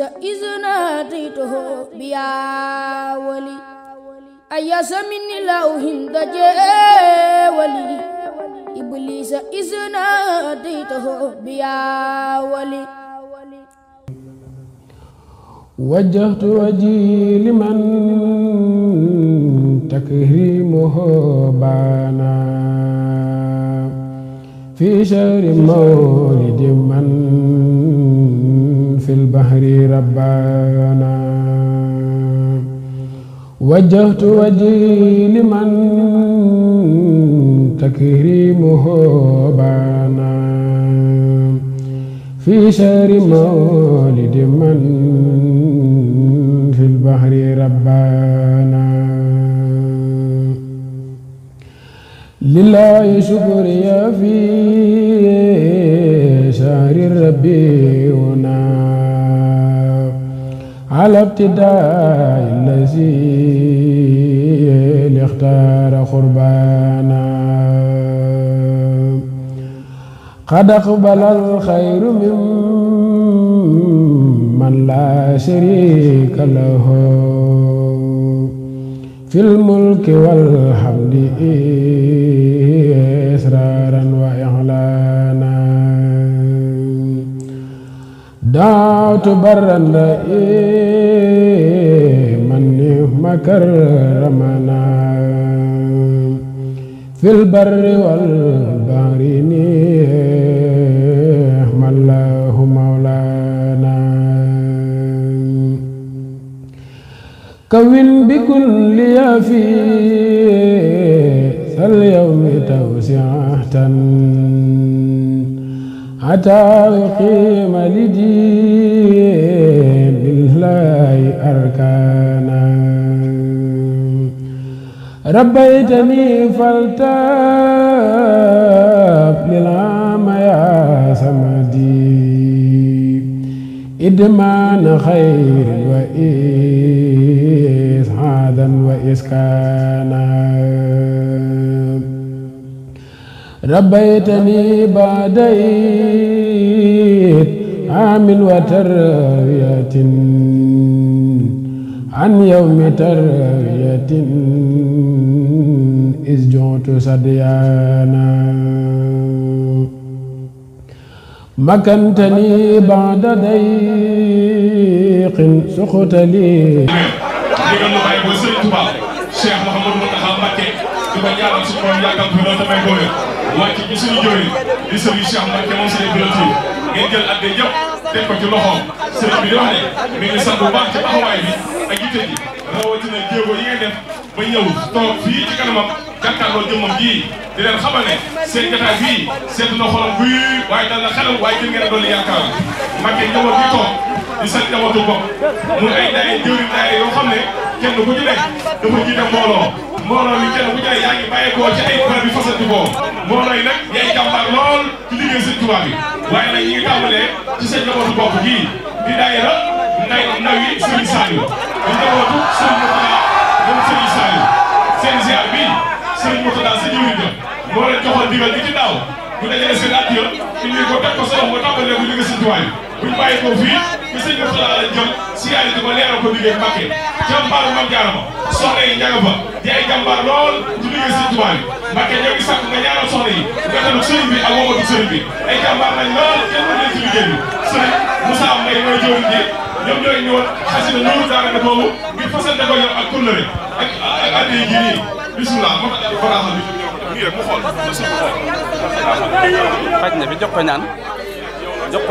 إذ ناديته بيا ولي أيا سمني لو هند ولي إبليس إذ ناديته بيا ولي وجهت وجهي لمن تكريمه بانا في شهر مولد من في البحر ربنا وجهت وجهي لمن تكريمه بانا في شهر مولد من في البحر ربنا لله شكري في شهر ربي على ابتداء الذي اختار قربانا قد أقبل الخير ممن لا شريك له في الملك والحمد دعوت برا من مكرمنا في البر والبحر نعم الله مولانا كون بكل في اليوم توسعة ataa qiima li diin lillahi arkaana rabbaytani faltaab lil ama yaa samadi idmaana xayr wa isaadan wa iskaana ربيتني بعديت عام وتربية عن يوم تربية إذ جعت صديانا مكنتني بعد ضيق سقت لي di ko ñaanal suñu borom yàggal ko a damay boole wàcc ci suñu jëwriñ di sëriñ Cheikh Mbacke moom sëriñ bi la a ngeen jël adde yëpp teg ko ci loxoom sëriñ bi di wax ne mi ngi sant bu baax ci taxawaay bi ak yitte ji rawatina jéego di leen xamal ne seen jotaay bii seet na xolam buy waaye dal na xelam waaye gën ngeen a dolli yaakaar Mbacke njaboot bi toog di seen njabootu bopp muy ay daay jëwriñ daay yoo xam ne kenn ku ci nekk dafa jiite mbooloo mbooloo yi kenn ku jaay yaa ngi bàyyeekoo ci ay kuréel yu fasantikoo mbooloo yi nag yaay jàmbaar lool ci liggéey sëñ Tuubaa bi waaye nag ñi ngi tàmbalee ci seen njabootu bopp gii di daayira ndaw ndawi sëñ Saliou di njabootu sëñ Murtada moom sëñ Saliou seen ziar bi sëñ Murtada si jiwit ja moo leen joxoon digal di ci bu dajale seen addiya ñu ngi ko teg ko solo nga tàmbalee ko liggéey seen tuwaay bi buñ bàyyi ko fii ba sëñ Moussa lañ jëm siyaare di ko leeral ko liggéey Mbàkke jàmbaaru Maam Jaara ma soxna yi di ay jàmbaar lool di liggéey seen tuwaay bi Mbàkke nga ñaanal soxna yi nga tanuk sëriñ bi ak womatu sëriñ ay jàmbaar lañ lool kenn mën leen ci liggéey bi sëriñ Moussa Mbaye mooy ñoom ñooy ñëwoon xasina loolu daara ne boobu ngir fasante ko yow ak kullëre ak ak xaj na bi jox ko ñaan jox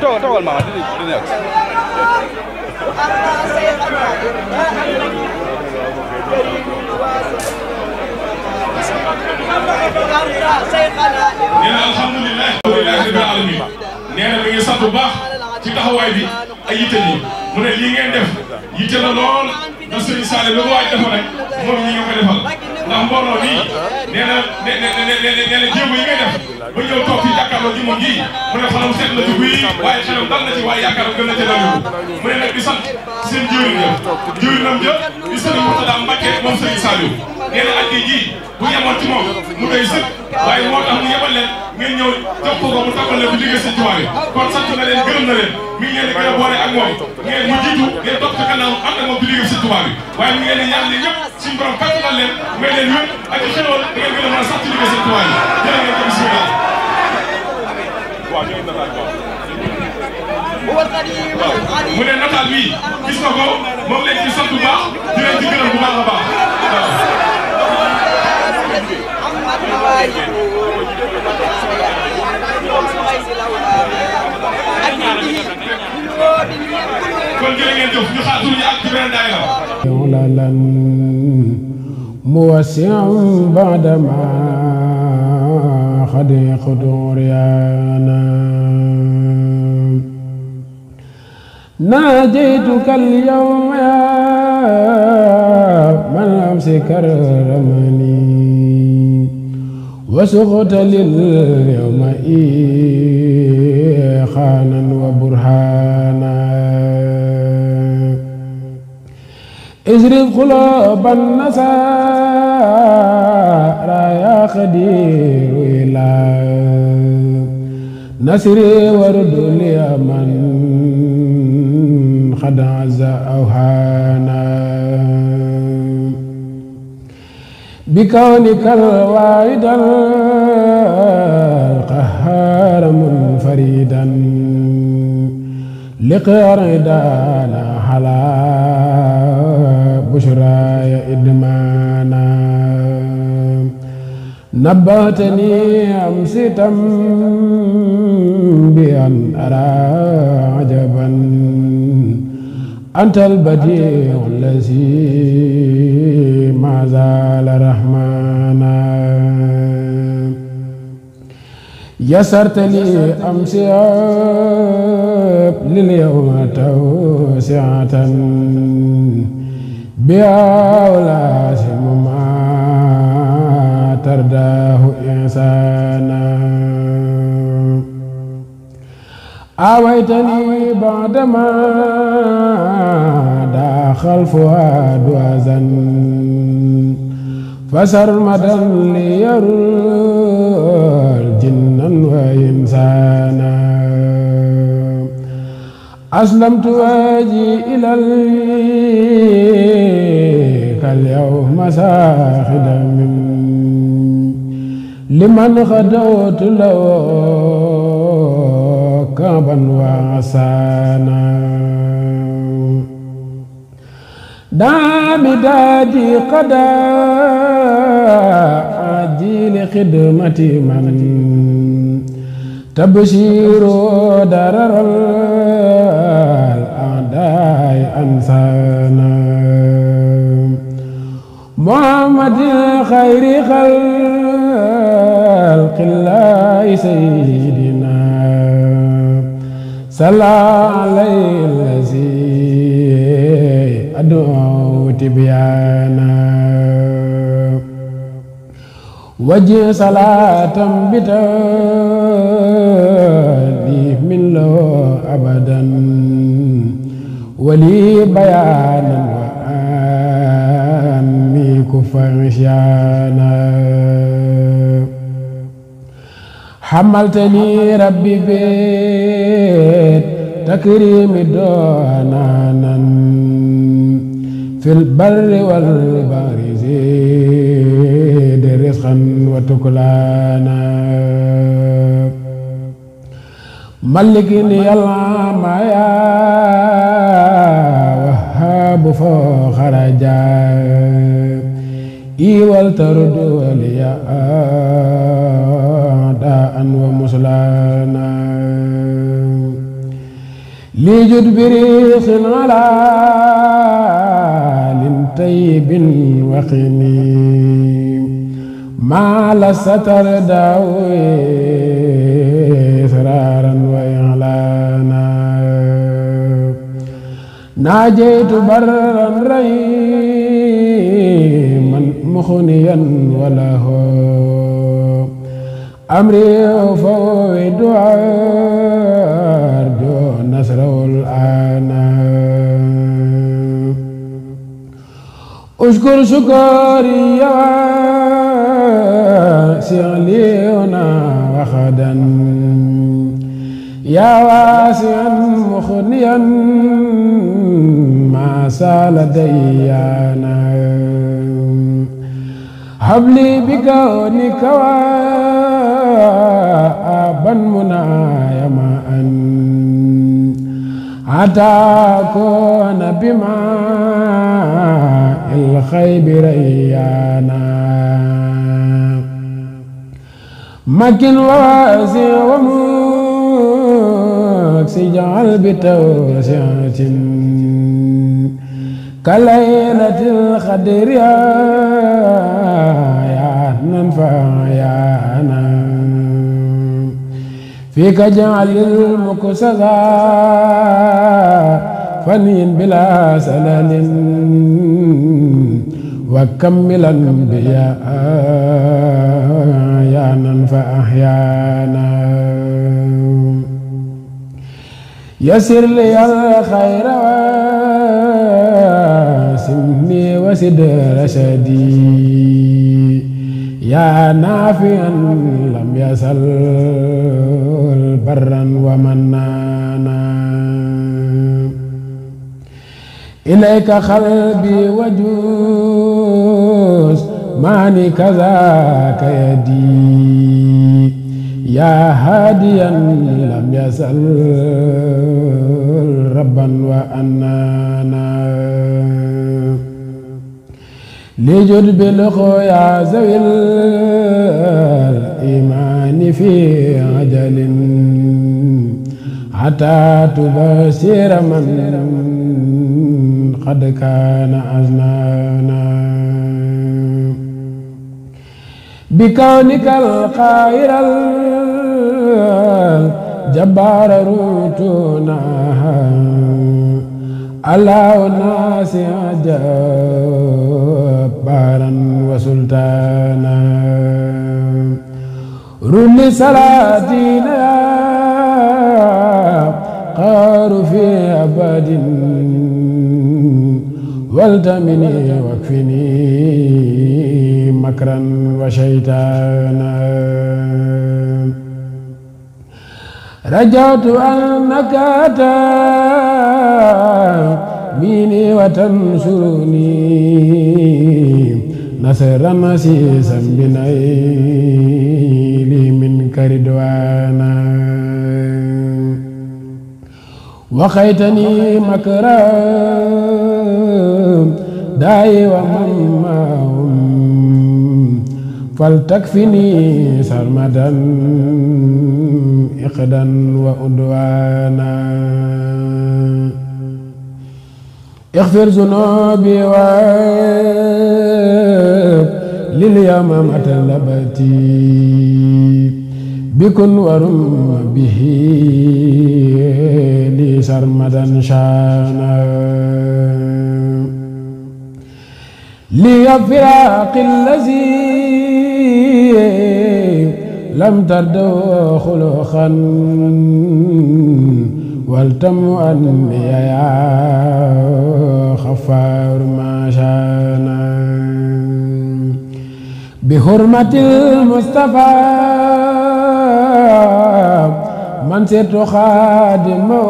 toogal toogal maa nee na alhamdulilah alhamdulilah rabbil alamin nee na mi ngi sant bu baax ci taxawaay bi ay yitte yi mu ne lii ngeen def yitte la lool na sëriñ Saliou lu ko waaj defal rek moom ñi nga ko defal ndax mbooloo nii nee na nee na nee na jéego yi ngay def ba ñëw toog ci jàkkaarloo ji moom gii mu ne xanam seet na ci buy waaye xelam dal na ci waaye yaakaaram gën na ca dalibu mu ne nag di sant seen jiwriñ ja jiwriñam ja di sëriñ Mourtada Mbacke moom sëriñ Saliou nee na addi ji bu yemoon ci moom mu doy sëkk waaye moo tax mu yebal leen ngeen ñëw jox ko mu tàmbale bu liggéey seen tubaab kon sant na leen mu ngeen topp yi waaye mi ngi leen di leen ñëpp leen may leen wér ak i ngeen gën a mën a sax ci yi jërë ngeen ko mu ne nataal bi gis nga moom lañ ci sant bu baax di leen ci gërëm baax a baax محمد مواهب وفوائد الاولاد وللا موسع بعدما خد قدور يانا ناجيتك اليوم يا من أمسك رمني وسقط لليوم إيخانا وبرهانا اجرب قلوب النسارى يا خدير إله nasri warudul ya man xad aza aw hana bi kawnikal waahidal qahhaara munfaridan liqari daana ala bushraaya idmaana نبهتني أمسيتا بأن أرى عجبا أنت البديع الذي ما زال رحمنا يسرت لي أمسيا لليوم توسعة بها ولازم ما ترداه إنسانا آويتني بعدما داخل فؤاد وزن فسرمدا ليرى جنا وإنسانا أسلمت واجي إلى كاليوم ساخدا لمن غدوت له كابا وعسانا دعا بدادي قدا عجيل خدمتي من تبشير درر الأعداء أنسانا محمد خير خلق الله سيدنا صلى عليه الذي أدعو تبيانا وجه صلاة بتادي من له أبدا ولي بيانا وآمي كفرشانا حملتني ربي بيت تكريم دونانا في البر والبر زين رزقا وتكلانا ملكني العام يا وهاب فخرجا إي والترد وليا داء ومسلانا ليجد بريق على طيب وقني ما لا ستر داوي إسرارا وإعلانا ناجيت برا ريما مخنيا وله أمري أفوض أرجو نصره الآن أشكر شكري واسع لينا وخدا يا واسعا مخنيا ما سال ديانا هب لي بكونك وابا منايا ما أتاكون بماء الخيب ريانا مكن واسع ومكس اجعل بتوسعة كليلة القدر يا عدنان فيانا فيك اجعل المكسزا فني بلا سنن وكمل الأنبياء أحيانا فأحيانا يسر لي الخير واسمني وسد رشدي يا نافعا لم يسل برا ومنا إليك قلبي وجوز معني كذاك يدي يا هاديا لم يزل ربا وأنانا لجد بالخويا ذوي الإيمان في عجل حتى تبصر من قد كان أزنانا بكونك القاهر الجبار روتنا الله الناس جبارا وسلطانا رل سلاطينا الأقار في أبد والتمني واكفني مكرا وشيطانا رجوت أنك تأميني وتنصرني نصرا عزيزا بنيلي منك رضوانا وقيتني مكرا داي ومعهم فلتكفني سرمدا إقدا وأدوانا اغفر ذنوبي واب لليمامة لبتي bikun warum bihi li sarmadan shana li firaq allazi lam tardaw xuluqan wal tamu an ya xafaar ma shana بحرمة المصطفى من سرت خادمه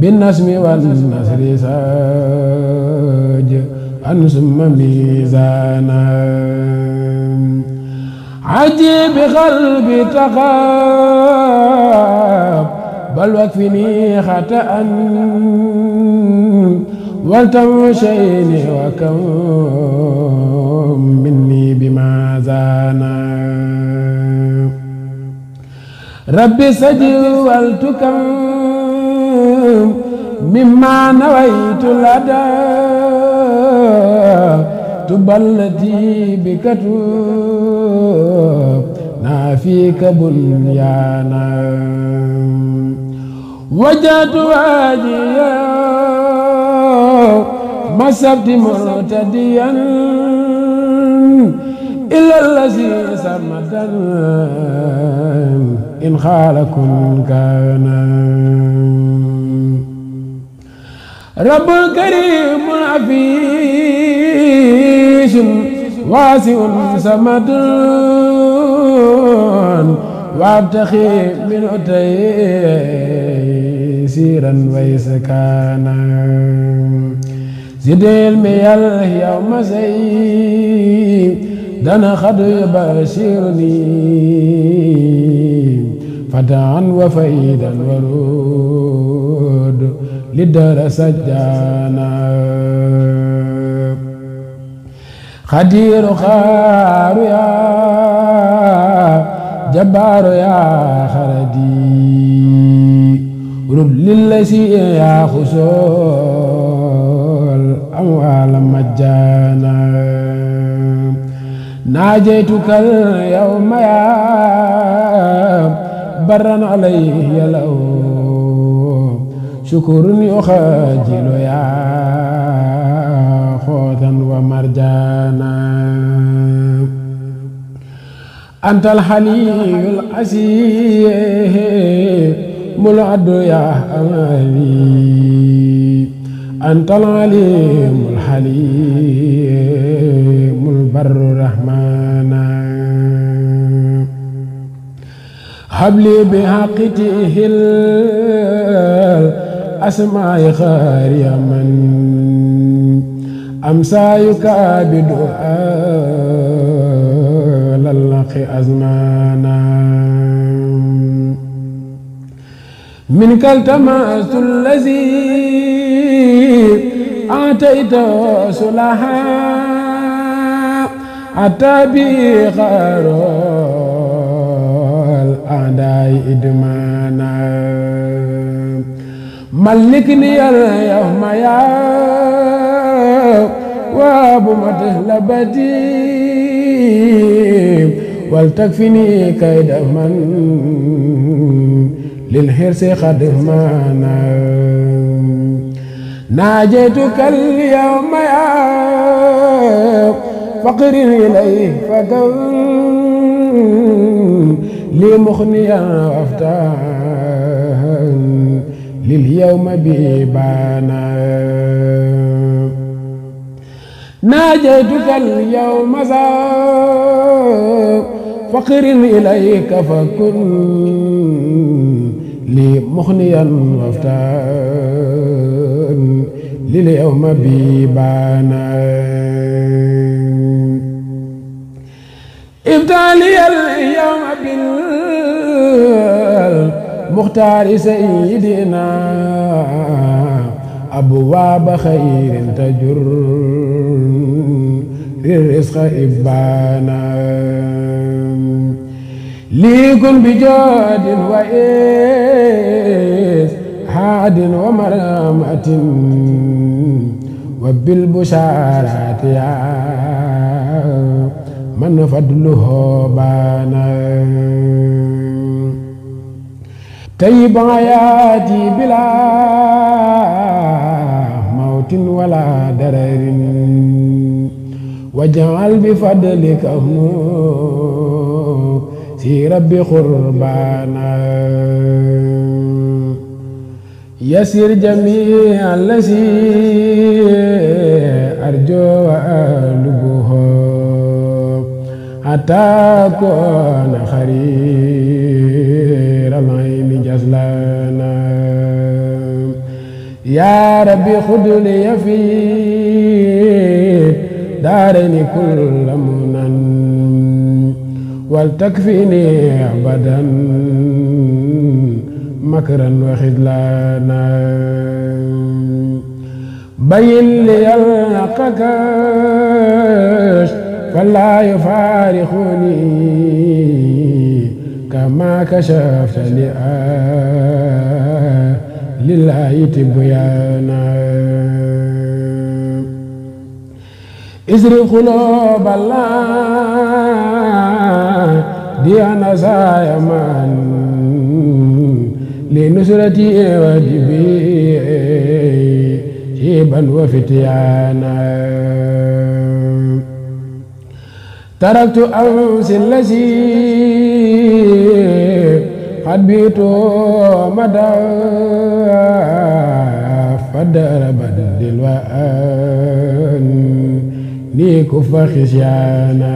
بالنسم والنسر ساج أن ثم ميزانا عجيب قلبي تخاب بل وكفني خطأ ولتوشيني وكم مني بما زانا ربي سجل ولتكم مما نويت لدى تبلتي بكتب نافيك بنيانا وجدت واديا مسبت مرتديا إلا الذي سمدا إن خالك كان رب كريم عفيس واسع سمد وابتخي من أتي سيرا ويسكانا زد الميال يوم سيدنا خد يبشرني فتعا وفيدا ورود للدار سجانا خدير خار يا jabbaaru yaa xaradi rub lillasi yaa xusool amwaala majjaana naajeytukal yawma yaa barran alayya law shukurun yuxaajilu yaa xootan wa marjaana أنت الحلي العزيز ملعد يا حبيبي أنت العليم الحليم البر الرحمن هب لي بحقته الأسماء خير يا من أمسى يكابد إلى الأخ أزمانا منك التماس الذي أعطيت صلحا أتى به خير الأعداء إدمانا ملكني اليوم يا وابو متهلبتي wal takfini kayda man lil hirsi qad mana najaytuka al yawma ya faqri ilay fakaw li mukhniya aftan lil yawma bi bana ناجيتك اليوم ذا فقر إليك فكن لي مغنيا وافتان لليوم بيبانا ابتالي اليوم بالمختار سيدنا أبواب خير تجر في الرزق إبانا ليكن بجود وإيس حاد ومرامة وبالبشارات يا من فضله بانا طيب حياتي بلا موت ولا درر واجعل بفضلك هنو في ربي قربانا يسر جميع الذي أرجو وألبه حتى كون خير العين جزلانا يا ربي خذ لي في دارني كل منن ولتكفيني أبدا مكرا وخذلانا بين لي الحقك فلا يفارقني كما كشفت لآل الله تبيانا ازر قلوب الله ديانا زايما لنصرتي وجبي شيبا وفتيانا taraktu ansi lasi xat biitu mada fadara badil wa an ku fa xisyaana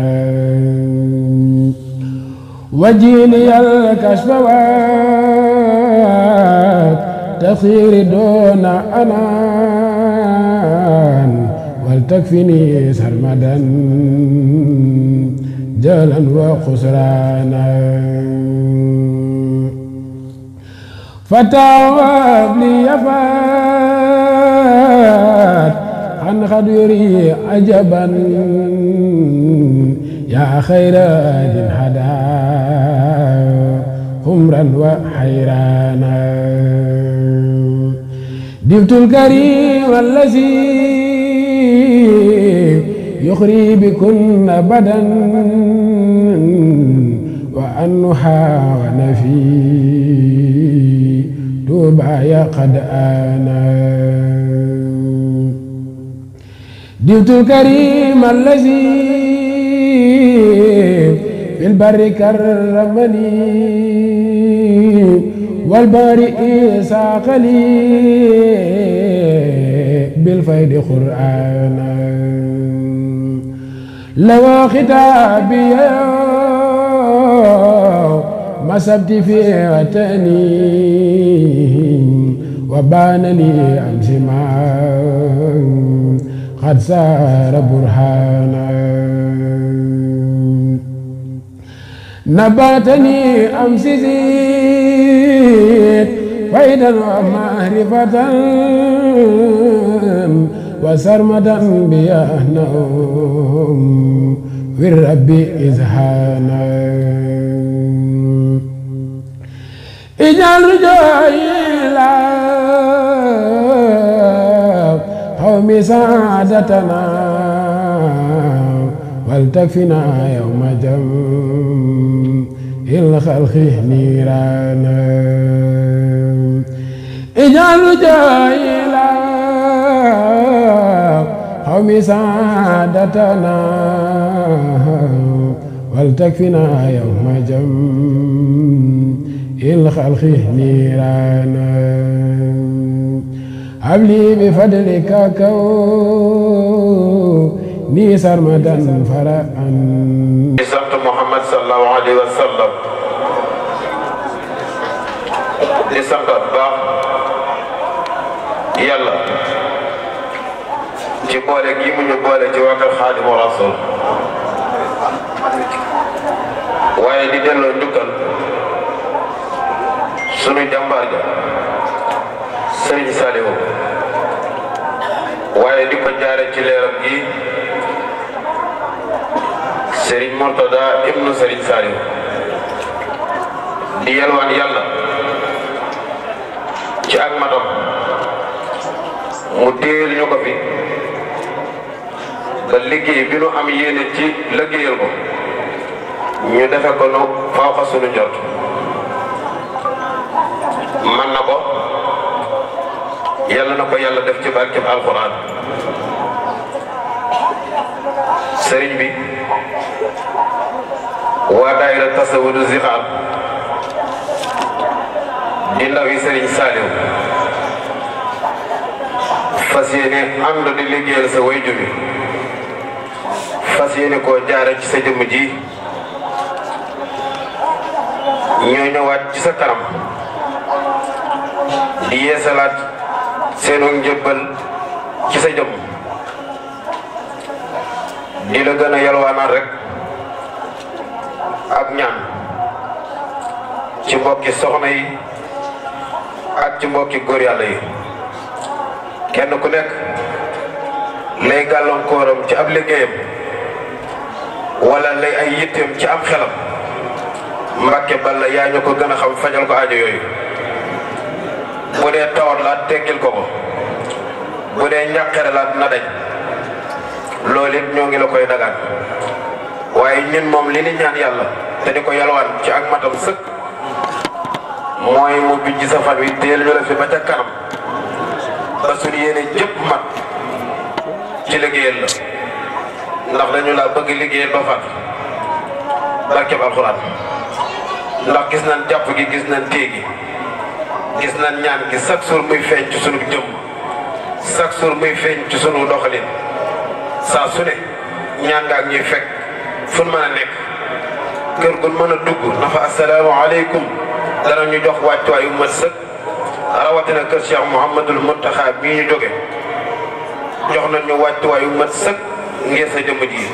wajini yal kashfa wa tasiri ولتكفني سرمدا جهلا وخسرانا فتواب لي فات عن خدري عجبا يا خير ذي هدى خمرا وحيرانا دبت الكريم الذي يخري بكن أبدا وأنها ونفي توبا يا قد أنا ديوت الكريم الذي في البر كرمني والبارئ ساق لي بالفيد قرآنا لو ختابي ما سبت في وطني وبان لي أمس ما قد سار برهانا نباتني أمس زيد فيدا ومعرفة وسرمدا بيهنهم والرب إذهانا اجعل رجوعي إلى قوم سعادتنا والتكفنا يوم جمع الخلق نيرانا اجعل جاهلا قوم سعادتنا والتكفنا يوم جمع الخلق نيرانا هب لي بفضلك كون ni sarmadan faraan sant Muhammad sallallahu alayhi wa sallam di sant baax yàlla ci boole gi mu ñu boole ci wàllu Xaadimu Rasuul waaye di delloo njukkal suñu jàmbaar ja Sëriñ Saliou waaye di ko jaare ci leeram gi Serigne Mortada ibnu Serigne Saliou di yàlla ci ak matam mu téel ñu ko fi ba liggéey bi nu am yéene ci liggéeyal ko ñu defe ko nu faw fa jot man na ko yàlla na ko yàlla def ci barkeb alxuraan sëriñ bi waa daayira tasawudu zixaar di ndaw yi Serigne Saliou fas yéene ànd di liggéeyal sa wayjur yi fas yéene koo jaare ci sa jëmm ji ñoo ñëwaat ci sa karam di yeesalaat seenu njëbbal ci sa jëmm di la gën a yalwaanal rek ak ñaan ci mbokki soxna yi ak ci mbokki góor yàlla yi kenn ku nekk lay gàllankooram ci ab liggéeyam wala lay ay yitteem ci am xelam Mbàkke Balla yaa ñu ko gën a xam fajal ko aajo yooyu bu dee tawat la teggil ko ko bu dee ñàkkare la na dañ loolu it ñoo ngi la koy dagaan waaye ñun moom li ni ñaan yàlla te ko yalwaan ci ak matam sëkk mooy mu bijj sa fan wi teel ñu la fi ba ca kanam ba suñu yéene jëpp mat ci liggéeyal la ndax dañu laa bëgg liggéeyal ba fat barkeb alxuraan ndax gis nañ jàpp gi gis nañ téye gi gis nañ ñaan gi chaque jour muy feeñ ci sunu jour muy feeñ ci sunu doxalin saa su ne ñaan nga fekk fu mën a nekk kër gu mën a dugg na fa asalaamaaleykum dara ñu jox wàccuwaay yu mat sëkk rawatina kër Cheikh Mouhamadul Mountakha bii ñu jóge jox nañ ñu wàccuwaay yu mat ngir sa jëmm ji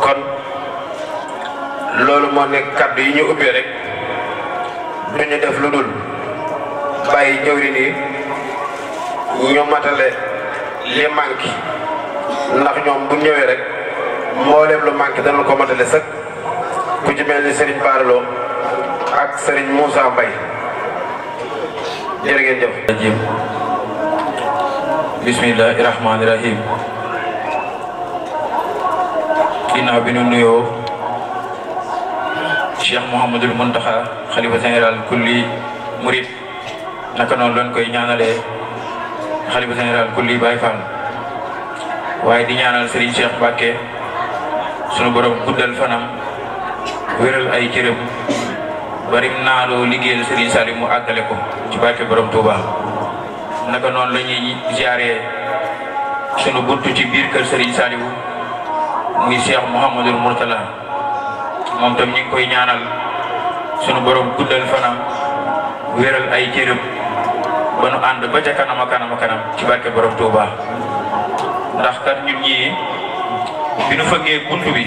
kon loolu moo nekk kàddu yi ñu ubbee rek duñu def lu dul bàyyi jëwriñ yi ñu matale. li manqué ndax ñoom bu ñëwee rek mbooleem lu manqué danañ ko matale sëkk ku ci mel ni Serigne Barlo ak Serigne Moussa Mbaye jërë ngeen jëf. jërëjëf bismillahi rahmaani rahim ginnaaw bi ñu nuyoo Cheikh Mouhamadul Mountakha xalifa général kulli murid naka noonu lañ koy ñaanalee. xalifa général kulli Baye Fall waaye di ñaanal Serigne Cheikh Mbacke sunu borom guddal fanam wéral ay cërëm barim naanoo liggéeyal Serigne Salim mu àggale ko ci barke borom Touba naka noon lañuy ñuy sunu buntu ci biir kër Serigne Saliou muy Cheikh Mouhamadul Mourtala moom tam ñu ngi koy ñaanal sunu borom guddal fanam wéral ay cërëm. ba nu ànd ba ca kanam a kanam kanam ci barke borom Touba ndax kat ñun ñii bi nu fëggee bunt bi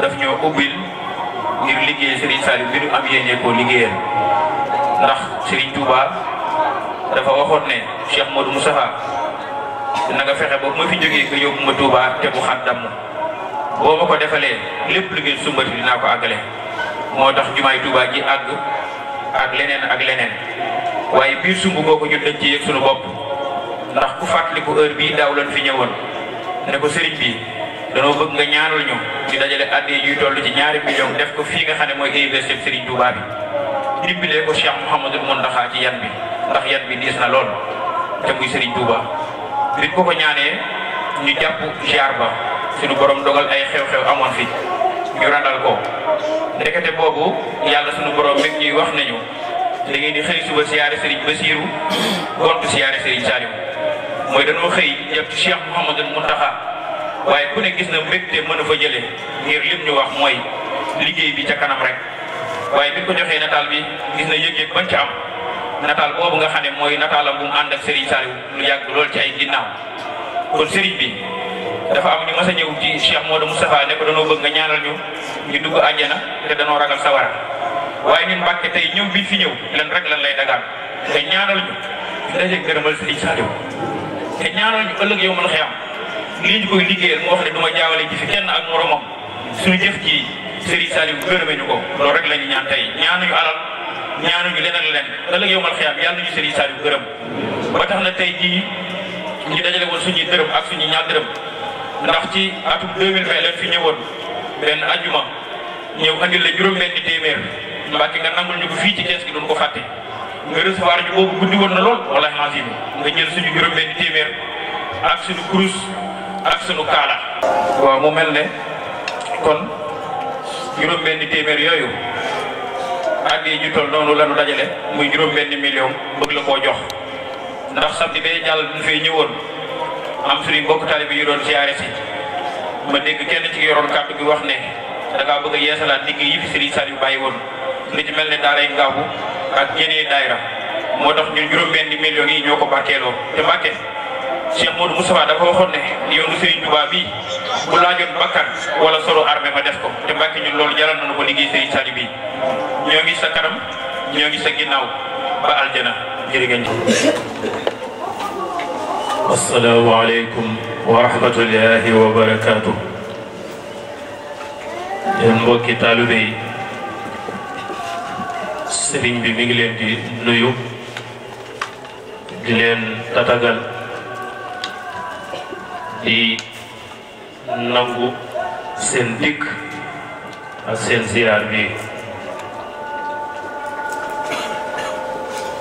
daf ñoo ubbil ngir liggéey Serigne Saliou bi nu am yéene koo liggéeyal ndax Serigne Touba dafa waxoon ne Cheikh Modou Moustapha na nga fexe ba ma fi jógee nga yóbbu ma te bu xat damm boo ko defalee lépp lu ngeen sumbati dinaa ko àggale moo tax jumaay Touba ji àgg ak leneen ak leneen. waaye biir sumb googu ñun dañ ci yëg suñu bopp ndax ku fàttaliku heure bii daaw lañ fi ñëwoon ne ko sëriñ bi danoo bëgg nga ñaanal ñu ñu dajale àddee yuy toll ci ñaari million def ko fii nga xam ne mooy université sëriñ Touba bi bilee ko Cheikh Mouhamadul Mountakha ci yan bi ndax yan bi diis na lool te muy sëriñ Touba nit ko ko ñaanee ñu jàpp ziar ba suñu borom dogal ay xew-xew amoon fi ñu randal ko ndekete boobu yàlla suñu borom mi ñuy wax nañu da ngeen di xëy suba siyaare Serigne Bassirou gontu siyaare Serigne Saliou mooy dañoo xëy jëm ci Cheikh Mouhamadul Mountakha waaye ku ne gis na mbégte mën a fa jëlee ngir lim ñu wax mooy liggéey bi ca kanam rek. waaye bi ko joxee nataal bi gis na yëg-yëg ban am nataal boobu nga xam ne mooy nataalam bu mu ànd ak Serigne Saliou lu yàgg lool ci ay ginnaaw kon Serigne bi. dafa am ñu mas a ñëw ci Cheikh Modou Moustapha ne ko danoo bëgg nga ñaanal ñu ñu dugg àjjana te danoo ragal sawara waaye ñun Mbàkke tey ñëw biñ fi ñëw leen rek lan lay dagaan te ñaanal ñu daje gërëmal Sëriñ Saaliw te ñaanal ñu ëllëg yow mën a xiyam lii ñu koy liggéeyal mu wax ne du ma jaawale ci fi kenn ak moromam suñu jëf ci Sëriñ Saaliw gërëme ñu ko loolu rek la ñu ñaan tey ñaanuñu alal ñaanuñu leneen leen ëllëg yow mën a xiyam yàlla ñu Sëriñ Saaliw gërëm ba tax na tey jii ñu dajale woon suñu dërëm ak suñu ñaar dërëm ndax ci atum 2020 leen fi ñëwoon benn ajjuma ñëw andil la juróom-benni téeméer Mbàkke nga nangul ñu ko fii ci kees gi doon ko fàtte nga recevoir ñu boobu guddi woon na lool wala xasim nga jël suñu juróom-benn téeméer ak suñu kurus ak suñu kaala. waaw mu mel ne kon juróom-benn téeméer yooyu àddee ju toll noonu la dajale muy juróom-benn million bëgg la koo jox ndax samedi bee jàll duñ fee ñëwoon am suñu mbokk taalibe yu doon siyaare si ma dégg kenn ci yoroon kàddu gi wax ne da ngaa bëgg a yeesalaat liggéey yi fi Serigne li mel ne daaray Ngaabu ak yeneen daayra moo tax ñun juróom-benn millions yi ñoo ko barkeeloo te Mbàkke Cheikh Modou Moustapha dafa waxoon ne yoonu Serigne Touba bii bu laajoon bakkan wala solo armée ma def ko te Mbàkke ñun loolu jaral nañu ko liggéey Serigne Sali bi ñoo ngi sa kanam ñoo ngi sa ginnaaw ba aljana jërë ngeen jëf. asalaamaaleykum wa rahmatullahi wa barakaatu. yéen mbokki taalibe yi. sëriñ bi mi ngi leen di nuyu di leen tatagal di nangu seen dikk ak seen ziyaar bi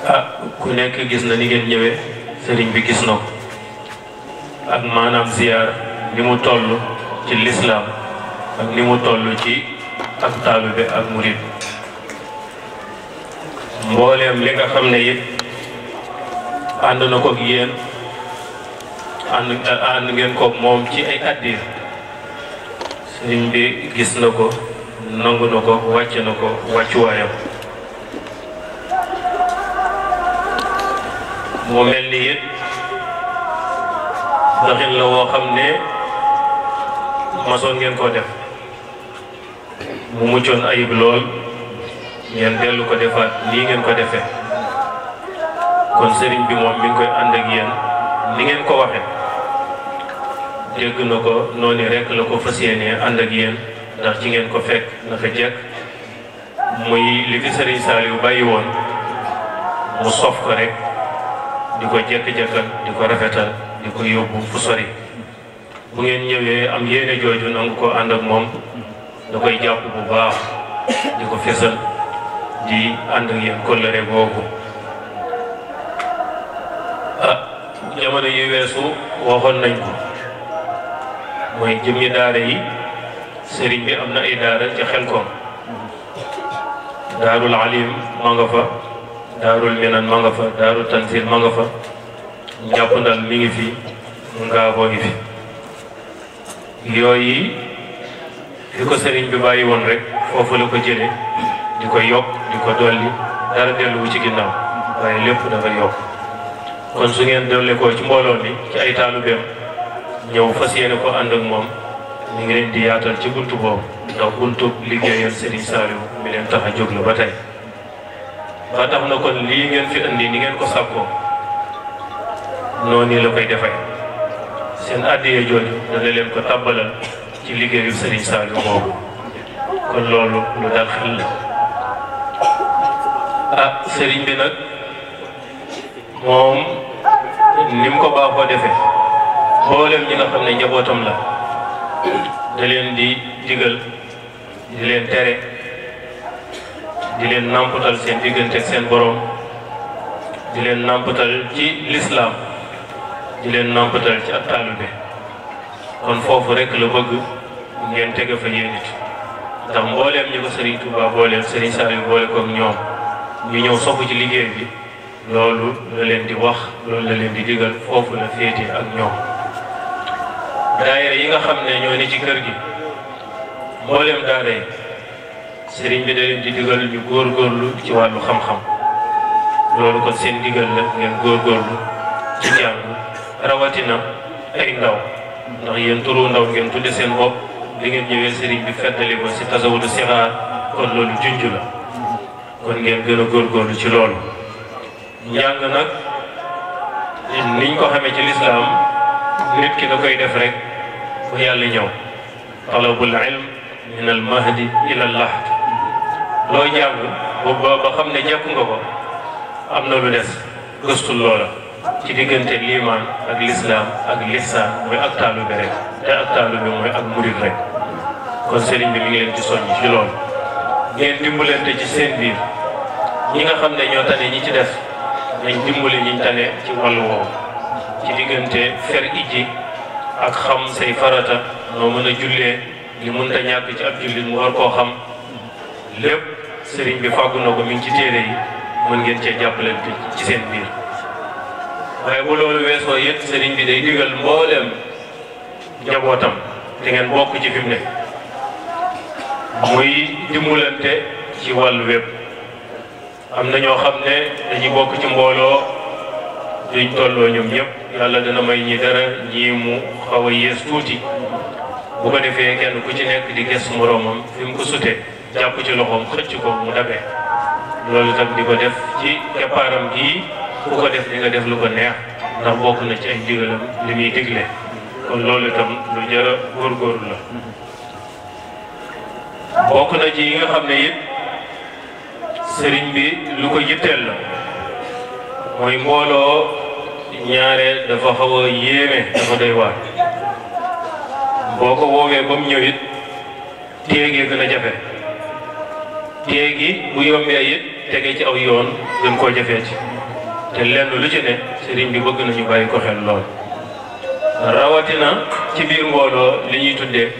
ah ku nekk gis na ni ngeen ñëwee sëriñ bi gis noo ak maanaam ziyaar li mu toll ci lislaam ak ni mu toll ci ak taalibe ak murid mbooleem li nga xam ne it ànd na koog yéen ànd ànd ngeen ko moom ci ay addiir sëriñ bi gis na ko nangu na ko wàcce na ko wàccuwaayam mu mel ni it doxin la woo xam ne masoon ngeen koo def mu muccoon ayib lool ngeen dellu ko defaat lii ngeen ko defee kon sëriñ bi moom mi ngi koy ànd ak ngeen ko waxee dégg ko noonu rek la ko fas yéen ndax ci ngeen ko fekk naka jekk muy li fi sëriñ woon mu sof rek di ko jekk-jekkal di ko rafetal di ko yóbbu bu ngeen ñëwee am yéene jooju ànd ak moom da koy jàpp bu baax di ko fesal di ànd ak yéen kóllëre googu ah jamono yu weesu waxoon nañ ko mooy jëmmi daara yi sëriñ bi am na ay daara ci xel koom daarul alim ma nga fa daarul minan ma nga fa daarul tansil ma nga fa njàppandal mi ngi fi ngaaboo ngi fi yooyu fi ko sëriñ bi bàyyi woon rek foofu la ko jëlee di koy yokk di ko dolli dara delluwu ci ginnaaw waaye lépp dafa yokk kon su ngeen dolli ko ci mbooloo mi ci ay taalubeem ñëw fas yéene ko ànd moom ñu ngi leen di yaatal ci buntu boobu ndax buntu liggéeyal mi leen tax a jóg la ba tey ba na kon lii ngeen fi indi ni ngeen ko sàkkoo noonu la koy defee seen àddiyee jooju dana leen ci liggéeyu Serigne Saliou boobu kon loolu lu dal xel ah sëriñ bi nag moom ni mu ko baaxoo defee mbooleem ñi nga xam ne njabootam la da leen di digal di leen tere di leen nàmpatal seen diggante seen boroom di leen nàmpatal ci lislaam di leen nàmpatal ci ab bi kon foofu rekk la bëgg ngeen tege fa yéen it ndax mbooleem ñi ko Serigne Touba booleel Serigne Saliou boole koog ñoom. ñu ñëw sobu ci liggéey bi loolu la leen di wax loolu la leen di digal foofu la féete ak ñoom daayira yi nga xam ne ñoo ne ci kër gi mboolem daara yi sëriñ bi da leen di digal ñu góorgóorlu ci wàllu xam-xam loolu kon seen digal la ngeen góorgóorlu ci jàng rawatina ay ndaw ndax yéen turu ndaw ngeen tudde seen bopp li ngeen ñëwee sëriñ bi feddali ko si tasawudu sixaar kon loolu junj la kon ngeen gën a góorlu ci loolu njàng nag niñ ko xamee ci lislaam nit ki da koy def rek fu yàlla ñëw talabul ilm min al mahdi ila al lahd looy jàng booba ba xam ne jàpp nga ko am na lu des gëstul loola ci diggante liimaan ak lislaam ak lihsaan mooy ak taalu bi rek te ak taalu bi mooy ak murid rek kon sëriñ bi mi ci soññ ci loolu ngeen dimbalante ci seen biir ñi nga xam ne ñoo tane ñi ci def nañ dimbali ñiñ tane ci wàllu woowu ci diggante fer ijji ak xam say farata noo mën a jullee li mënta ñàkk ci ab jullit mu war koo xam lépp sëriñ bi fàggu na ko mi ci téere yi mën ngeen cee jàppaleel bi ci seen biir waaye bu loolu weesoo yëpp sëriñ bi day digal mbooleem njabootam di ngeen bokk ci fi ne muy dimbalante ci wàllu web am na ñoo xam ne dañuy bokk ci mbooloo duñ tolloo ñoom ñëpp yàlla dana may ñi dara ñii mu xaw a yées tuuti bu ko defee kenn ku ci nekk di ges moroomam fi mu sutee jàpp ci loxoom xëcc ko mu dabe loolu tam di ko def ci keppaaram gi ku ko def di nga def lu ko neex ndax bokk na ci ay ndigalam li muy digle kon loolu itam lu jara góorgóorlu la bokk na ji nga xam ne it sëriñ bi lu ko yitteel la mooy mbooloo ñaare dafa xaw a yéeme dafa doy waar boo ko woowee ba mu ñëw it téegee gën a jafe téegi bu yombee it tege ci aw yoon gën koo jafee ci te lenn lu ci ne sëriñ bi bëgg nañu bàyyi ko xel lool rawatina ci biir mbooloo li ñuy tuddee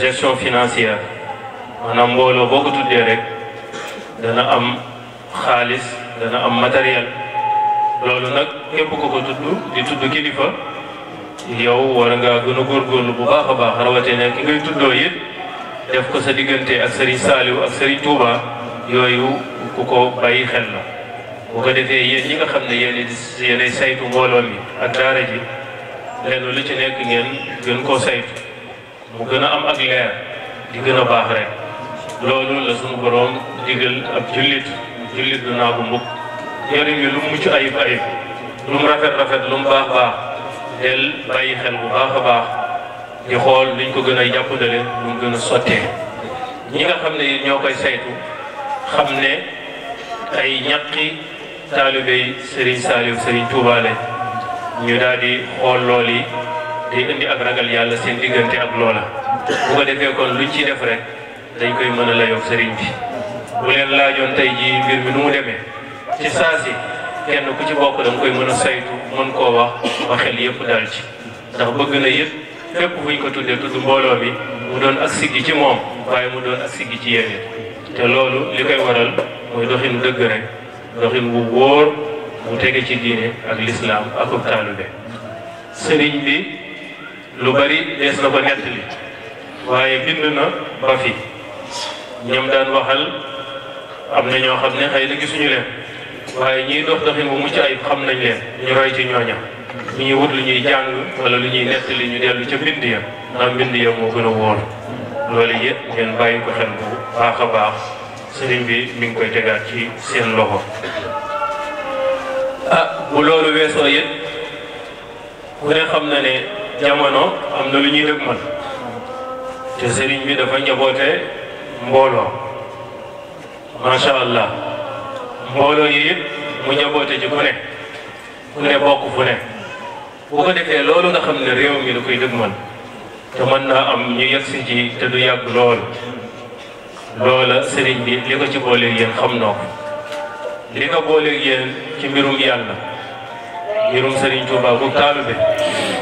gestion financière maanaam mbooloo boo ko tuddee rek dana am xaalis dana am matériel loolu nag képp ku ko tudd di tudd kilifa yow war ngaa gën a góor góorlu bu baax a baax rawatina ki ngay tuddoo it def ko sa diggante ak Serigne Saliou ak Serigne Touba yooyu ku ko bay xel la. bu ko defee yéen ñi nga xam ne yéen di yéenay saytu mbooloo mi ak daara ji lenn lu ci nekk ngeen gën koo saytu mu gën a am ak leer di gën a baax rek. loolu la sunu borom digal ab jullit jullit du naa ko mbokk lu mucc ayib ayib rafet rafet lu mu del bàyyi xel bu baax a baax di xool niñ ko gën a jàppandale lu mu gën a sottee ñi nga xam ne ñoo koy saytu xam ne ay ñaqi taalibey Serigne Saliou Serigne Touba ñu daal di xool lool yi di indi ak ragal yàlla seen diggante ak loola bu ko defee kon luñ ci def rek. dañ koy mën a layoog sëriñ bi bu leen laajoon tey jii mbir mi nu mu demee ci saasi kenn ku ci bokk danga koy mën a saytu mën koo wax ba xel yëpp dal ci ndax bëgg na yëpp fépp fuñ ko tuddee tudd mbooloo mi mu ci moom waaye mu doon ci yéen te loolu li koy waral mooy doxinu dëgg rek doxin wu wóor mu tege ci diine ak lislaam ak ub taalube sëriñ bi lu bari dees na ko nettali waaye bind na ba fi ñoom daan waxal am na ñoo xam ne xëy na gisuñu leen waaye ñiy dox doxin bu mucc ayib xam nañ leen ñu roy ci ñooña ñu ñuy wut lu ñuy jàng wala lu ñuy nettali ñu dellu ca mbind ya ndax mbind ya moo gën a wóor loolu yëpp ngeen bàyyi ko xel bu baax a baax sëriñ bi mi ngi koy tegaat ci seen loxo ah bu loolu weesoo yëpp ku ne xam na ne jamono am na lu ñuy dëgmal te sëriñ bi dafa njaboote mbooloo macha allah mbooloo yi yëpp mu jaboote ji ku ne ku ne bokk fu ne bu ko defee loolu nga xam ne réew mi da koy dëgmal te mën naa am ñu yegsi ji te du yàgg lool loola sëriñ bi li ko ci booleeg yéen xam noo ko li ko booleeg yéen ci mbirum yàlla mbirum sëriñ Touba bu taalube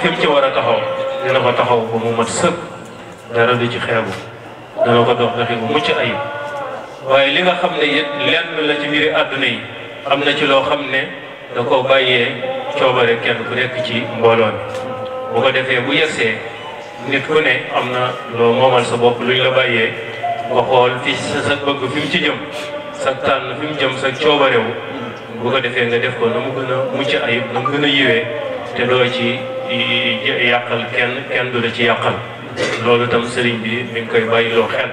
fi mu ci war a taxaw dina ko taxaw ba mu mat sëkk dara du ci xeebu dana ko dox doxi bu mucc ayib waaye li nga xam ne it lenn la ci biir àdduna yi am na ci loo xam ne da koo bàyyee coobare kenn bu nekk ci mbooloo mi bu ko defee bu yegsee nit ku ne am na loo moomal sa bopp luñ la bàyyee ko xool fi sa sa bëgg fi ci jëm sa tànn fi mu jëm sa coobarewu bu ko defee nga def ko nu mu gën a mucc ayib na mu gën a yiwee te doo ci yàqal kenn kenn du la ci yàqal loolu tam sëriñ bi mi ngi koy bàyyiloo xel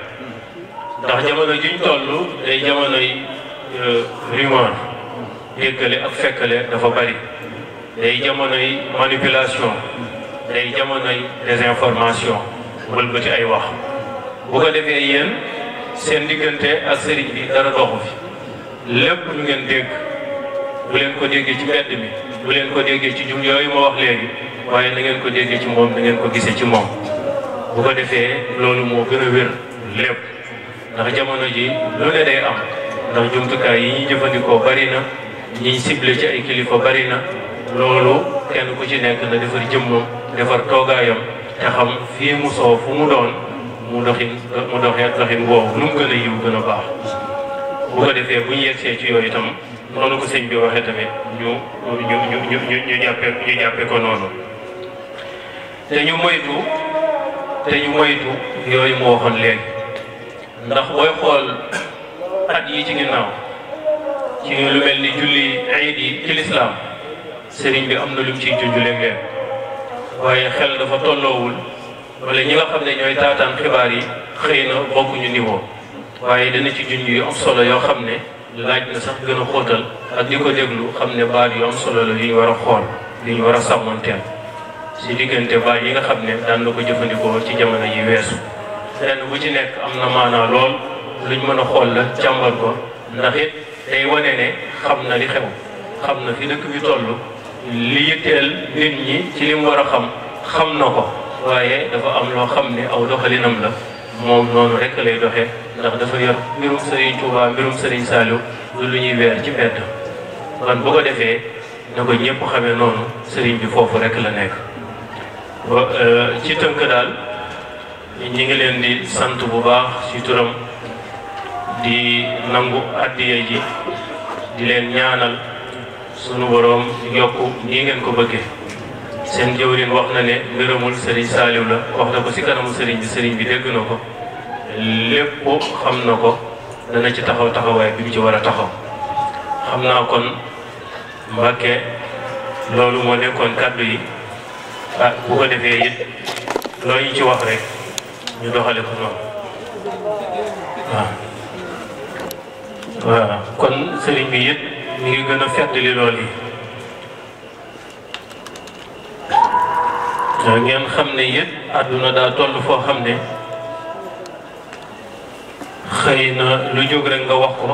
ndax jamono juñ toll day jamono euh, yi rumeur déggale ak fekkale dafa bari day jamono yi manipulation day jamono yi désinformation wëlbati ay wax bu ko defee yéen seen diggante ak sëriñ bi dara doxu fi lépp lu ngeen dégg bu leen ko déggee ci mbedd bi bu leen ko déggee ci jum yooyu ma wax léegi waaye na ngeen ko déggee ci moom na ngeen ko gisee ci moom bu ko defee loolu moo gën a wér lépp ndax jamono ji loolee day am ndax jumtukaay yi ñuy jëfandikoo bari na ñiy ciblé ci ay kilifa bari na loolu kenn ko ci nekk na defar jëmmam defar toogaayam te xam fii mu soo fu mu doon mu doxin mu doxee doxin woowu nu mu gën a yiw gën a baax bu ko defee buñ ñu yegsee ci yooyu itam noonu ko sëñ bi waxee tamit ñu ñu ñu ñu ñu jàppee ñu jàppee ko noonu te ñu moytu te ñu moytu yooyu mu waxoon léegi ndax booy xool at yi ci ginnaaw ci lu mel ni julli ayit yi ci lislaam sëriñ bi am na lu ci ciy junj léeg waaye xel dafa tolloowul wala ñi nga xam ne ñooy taataan xibaar yi xëy na bokkuñu niveau waaye dana ci junj yu am solo yoo xam ne laaj na sax gën a ak di ko déglu xam ne baat yu am solo la yu ñu war a xool yu ñu war a sàmmanteel ci diggante baay yi nga xam ne daan na ko jëfandikoo ci jamono yi weesu lenn bu ci nekk am na maanaa lool luñ mën a xool la càmbar ko ndax it day wane ne xam na li xew xam na fi dëkk bi toll li yitteel nit ñi ci li war a xam xam na ko waaye dafa am loo xam ne aw doxalinam la moom noonu rek lay doxee ndax dafa yor mbirum Serigne Touba mbirum Serigne Saliou du lu ñuy weer ci bedd kon bu ko defee na ko ñëpp xamee noonu Serigne bi foofu rek la nekk. Euh, ci tënk daal ñi ngi leen di sant bu baax ci turam di nangu addiya ji di leen ñaanal sunu boroom yokku nii ngeen ko bëggee seen jëwrin wax na ne ngërëmul sëriñ Saaliw la wax na ko ci kanamu sëriñ bi sëriñ bi dégg na ko lépp xam na ko dana ci taxaw taxawaay bi mu ci war a taxaw xam naa kon Mbàkke loolu moo nekkoon kàddu yi ah bu ko defee it loo ñu ci wax rek ñu doxale ko noonu waaw waaw kon sëriñ bi it ñu ngi gën a fàttali lool yi ngeen xam ne yëpp àdduna daa toll foo xam ne xëy na lu jóg rek nga wax ko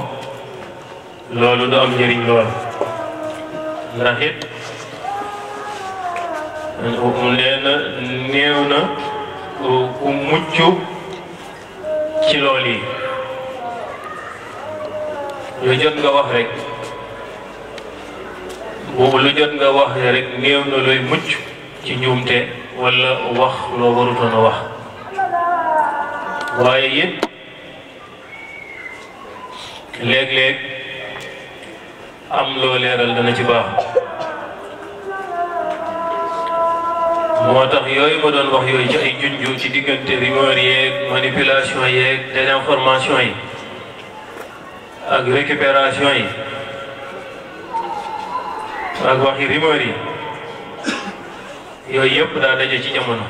loolu du am njëriñ lool ndax it nee néew na ku mucc ci lool yi lu jot nga wax rek boobu lu jot nga wax rek néew na looy mucc ci njuumte walla wax loo warutoon a wax waaye it léeg-léeg am loo leeral dana ci baax moo tax yooyu ma doon wax yooyu ci junju ci diggante rumeur yeeg manipulation yeeg désinformation yi ak récupération yi ak waxi rumeur yi yooyu yëpp daa daje ci jamono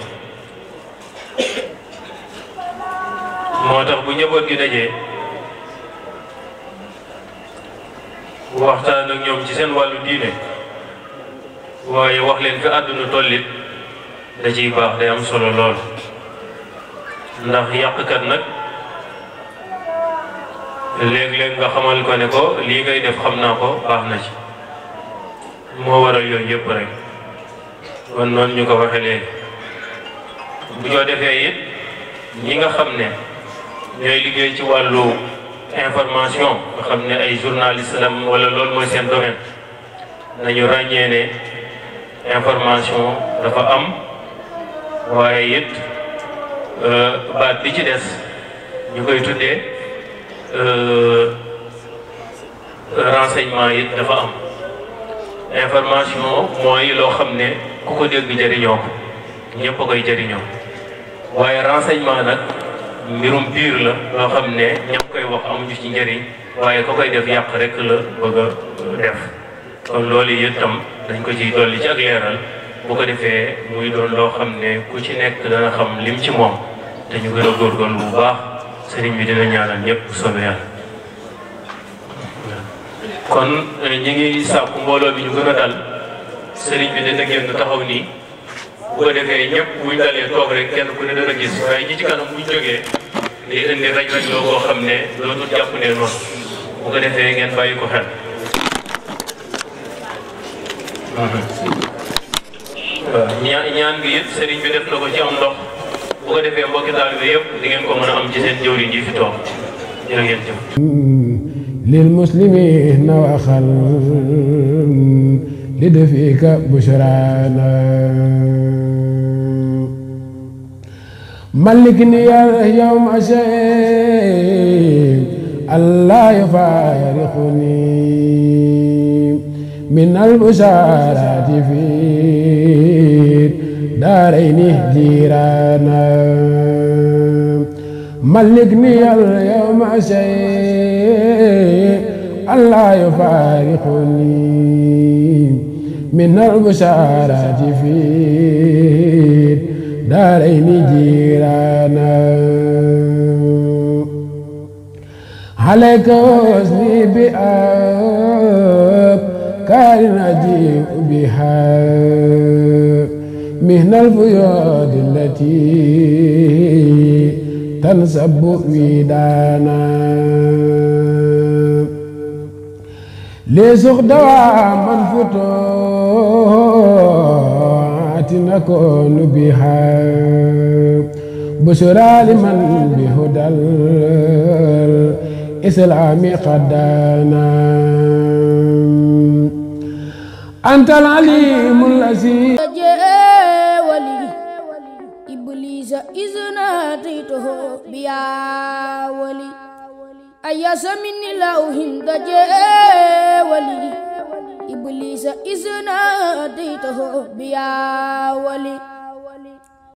moo tax bu njaboot gi dajee waxtaan ak ñoom ci seen wàllu diine waaye wax leen fi àdduna tollit da ciy baax day am solo lool ndax kat nag léeg-léeg nga xamal ko ne ko lii ngay def xam naa ko baax na ci moo waral yooyu yëpp rek kon noonu ñu ko waxe léegi bu ñoo defee it ñi nga xam ne ñooy liggéey ci wàllu information nga xam ne ay journaliste lam wala loolu mooy seen domaine nañu ràññee ne information dafa am waaye it euh, baat bi ci des ñu koy tuddee euh, renseignement it dafa am information mooy loo xam ne ku ko dégg jëriñoo ñëpp a koy jëriñoo waaye renseignement nag mbirum biir la loo xam ne ñam koy wax amuñu ci njëriñ waaye ku koy def yàq rek la bëgg def kon loolu itam dañ ko ciy dolli ci ak leeral bu ko defee muy doon loo xam ne ku ci nekk dana xam lim ci moom dañu gën a góorgóorlu bu baax sëriñ bi dina ñaanal ñëpp bu kon euh, ñi ngi sàkku mbooloo bi ñu gën a dal sëriñ bi dana génn taxaw nii bu ko defee ñëpp buñ dalee toog rek kenn ku ne dana gis waaye ñi ci kanam buñ jógee day indi raj raj loo xam ne dootul jàpp ne noonu bu ko defee ngeen bàyyi ko xel Euh, ñaan ñaan gi it sëriñ def na ko ci am ndox bu ko defee mbokki taalibe yëpp di ngeen ko mën a am ci seen jëwriñ ji fi toog jërë ngeen jëf lil muslimin na waxal li defika bushrana malik ni yawm ashay allah yafarixuni من البشارات في دارين جيرانا ملكني اليوم شيء ألا يفارقني من البشارات في دارين جيرانا عليك وزني بأرض أفكار أجيء بها مهن الفيوض التي تنسب ويدانا ليسخ دواما فتوات نكون بها بشرى لمن بهدى الإسلام قدانا أنت العليم الذي جاء ولي إبليس إذ ناديته بيا ولي أياس من لوهم جاء ولي إبليس إذ ناديته بيا ولي